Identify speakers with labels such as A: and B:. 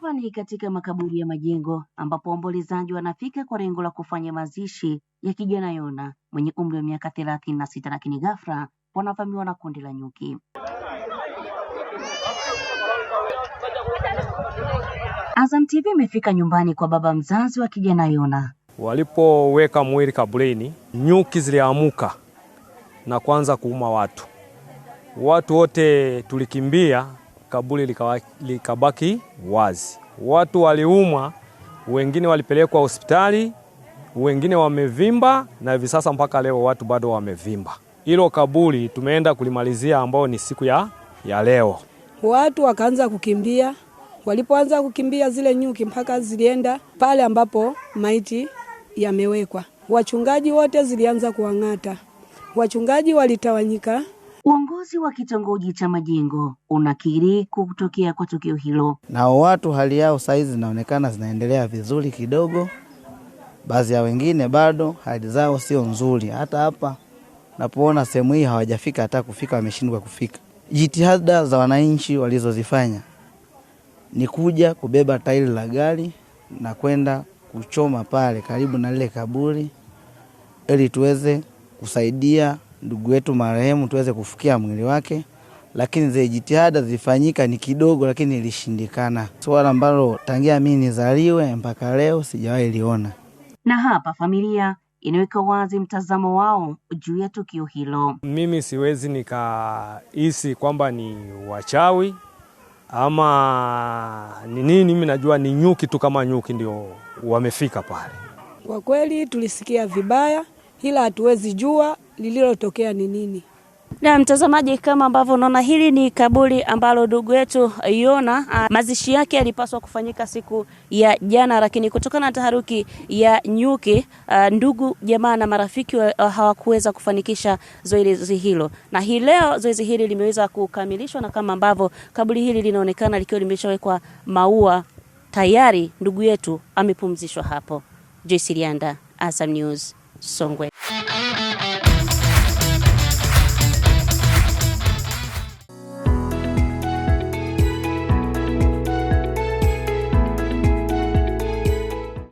A: Hapa ni katika makaburi ya majengo ambapo waombolezaji wanafika kwa lengo la kufanya mazishi ya kijana Yona mwenye umri wa miaka thelathini na sita, lakini ghafla wanavamiwa na kundi la nyuki. Azam TV imefika nyumbani kwa baba mzazi wa kijana Yona.
B: Walipoweka mwili kaburini, nyuki ziliamuka na kuanza kuuma watu. Watu wote tulikimbia kaburi likabaki wazi. Watu waliumwa, wengine walipelekwa hospitali, wengine wamevimba, na hivi sasa mpaka leo watu bado wamevimba. Hilo kaburi tumeenda kulimalizia, ambao ni siku ya, ya leo.
C: Watu wakaanza kukimbia, walipoanza kukimbia zile nyuki mpaka zilienda pale ambapo maiti yamewekwa. Wachungaji wote zilianza kuwang'ata, wachungaji walitawanyika
A: Uongozi wa kitongoji cha Majengo unakiri kutokea kwa tukio hilo.
D: Nao watu hali yao hizi zinaonekana zinaendelea vizuri kidogo, baadhi ya wengine bado hali zao sio nzuri. Hata hapa napoona sehemu hii hawajafika hata kufika, wameshindwa kufika. Jitihada za wananchi walizozifanya ni kuja kubeba tairi la gari na kwenda kuchoma pale karibu na lile kaburi ili tuweze kusaidia ndugu wetu marehemu tuweze kufikia mwili wake, lakini zile jitihada zilifanyika ni kidogo, lakini ilishindikana. Swala ambalo tangia mimi nizaliwe mpaka leo sijawahi liona.
A: Na hapa familia inaweka wazi mtazamo wao juu ya tukio hilo.
E: Mimi siwezi nikahisi kwamba ni wachawi ama ni nini. Mimi najua ni nyuki tu, kama nyuki ndio wamefika pale.
C: Kwa kweli tulisikia vibaya, ila hatuwezi jua lililotokea ni nini.
F: Na mtazamaji, kama ambavyo unaona, hili ni kaburi ambalo ndugu yetu Yona mazishi yake yalipaswa kufanyika siku ya jana, lakini kutokana na taharuki ya nyuki a, ndugu jamaa na marafiki hawakuweza kufanikisha zoezi hilo, na hii leo zoezi hili limeweza kukamilishwa, na kama ambavyo kaburi hili linaonekana likiwa limeshawekwa maua tayari, ndugu yetu amepumzishwa hapo. Joyce Lianda, Azam News, Songwe.